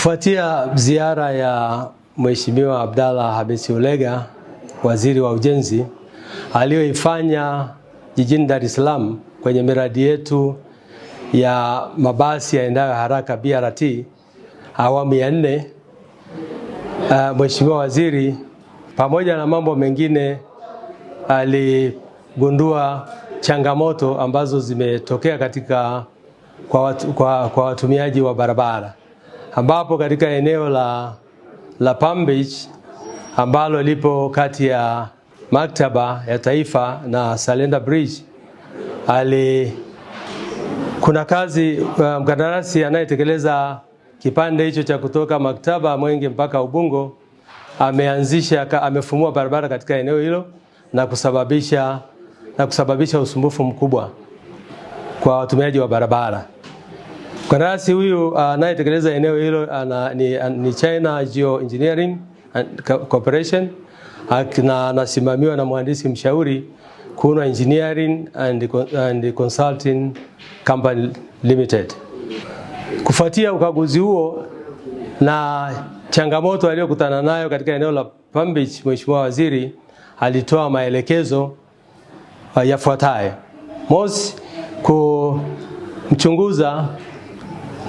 Kufuatia ziara ya Mheshimiwa Abdalla Hamisi Ulega, waziri wa ujenzi, aliyoifanya jijini Dar es Salaam kwenye miradi yetu ya mabasi yaendayo haraka BRT awamu ya nne, uh, Mheshimiwa waziri pamoja na mambo mengine aligundua changamoto ambazo zimetokea katika kwa, watu, kwa, kwa watumiaji wa barabara ambapo katika eneo la, la Palm Beach ambalo lipo kati ya maktaba ya taifa na Selander Bridge ali kuna kazi uh, mkandarasi um, anayetekeleza kipande hicho cha kutoka maktaba Mwenge mpaka Ubungo ameanzisha amefumua barabara katika eneo hilo na kusababisha, na kusababisha usumbufu mkubwa kwa watumiaji wa barabara. Mkandarasi huyu ah, anayetekeleza uh, eneo hilo uh, ni, uh, ni China Geo Engineering Corporation na anasimamiwa na mhandisi mshauri Kuna Engineering and, and Consulting Company Limited. Kufuatia ukaguzi huo na changamoto aliyokutana nayo katika eneo la Palm Beach, Mheshimiwa Waziri alitoa maelekezo yafuatayo: mosi, kumchunguza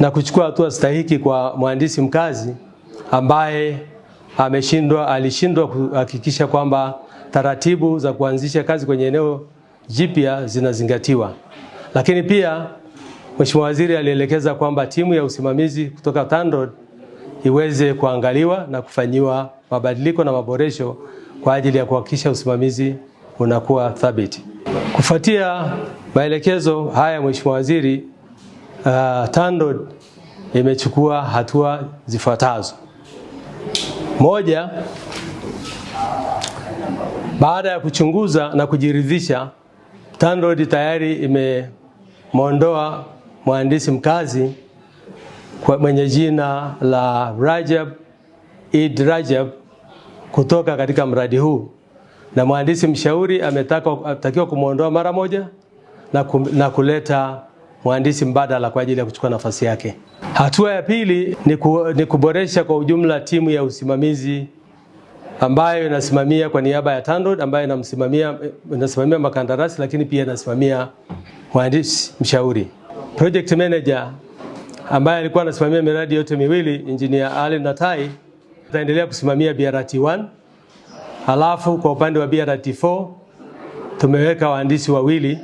na kuchukua hatua stahiki kwa mhandisi mkazi ambaye ameshindwa, alishindwa kuhakikisha kwamba taratibu za kuanzisha kazi kwenye eneo jipya zinazingatiwa. Lakini pia Mheshimiwa Waziri alielekeza kwamba timu ya usimamizi kutoka TANROADS iweze kuangaliwa na kufanyiwa mabadiliko na maboresho kwa ajili ya kuhakikisha usimamizi unakuwa thabiti. Kufuatia maelekezo haya, Mheshimiwa Waziri Uh, TANROADS imechukua hatua zifuatazo. Moja, baada ya kuchunguza na kujiridhisha, TANROADS tayari imemwondoa mhandisi mkazi kwa mwenye jina la Rajab Eid Rajab kutoka katika mradi huu, na mhandisi mshauri ametakiwa kumwondoa mara moja na, na kuleta mhandisi mbadala kwa ajili ya kuchukua nafasi yake. Hatua ya pili ni, ku, ni kuboresha kwa ujumla timu ya usimamizi ambayo inasimamia kwa niaba ya TANROADS ambayo inamsimamia inasimamia makandarasi lakini pia inasimamia mhandisi mshauri. Project manager ambaye alikuwa anasimamia miradi yote miwili Engineer Ali Tai ataendelea kusimamia BRT1. Halafu kwa upande wa BRT4 tumeweka wahandisi wawili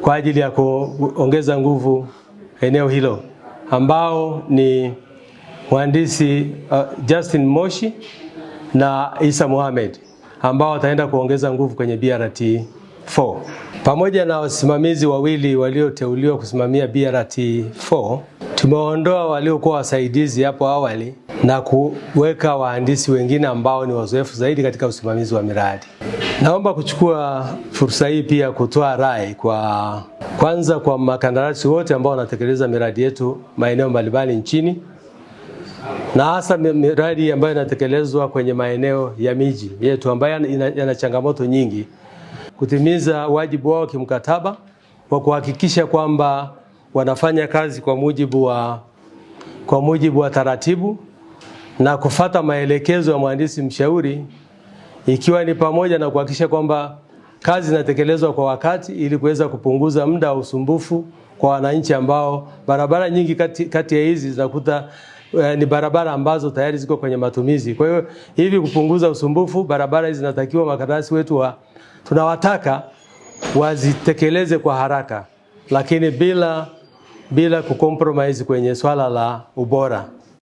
kwa ajili ya kuongeza nguvu eneo hilo ambao ni mhandisi uh, Justin Moshi na Isa Mohamed ambao wataenda kuongeza nguvu kwenye BRT4 pamoja na wasimamizi wawili walioteuliwa kusimamia BRT4 tumeondoa waliokuwa wasaidizi hapo awali na kuweka wahandisi wengine ambao ni wazoefu zaidi katika usimamizi wa miradi. Naomba kuchukua fursa hii pia kutoa rai kwa kwanza kwa makandarasi wote ambao wanatekeleza miradi yetu maeneo mbalimbali nchini na hasa miradi ambayo inatekelezwa kwenye maeneo ya miji yetu ambayo yana changamoto nyingi, kutimiza wajibu wao kimkataba wa kuhakikisha kwamba wanafanya kazi kwa mujibu wa, kwa mujibu wa taratibu na kufata maelekezo ya mhandisi mshauri ikiwa ni pamoja na kuhakikisha kwamba kazi zinatekelezwa kwa wakati ili kuweza kupunguza muda wa usumbufu kwa wananchi ambao barabara nyingi kati, kati ya hizi zinakuta eh, ni barabara ambazo tayari ziko kwenye matumizi. Kwa hiyo hivi kupunguza usumbufu, barabara hizi zinatakiwa makandarasi wetu wa tunawataka wazitekeleze kwa haraka, lakini bila bila kukompromise kwenye swala la ubora.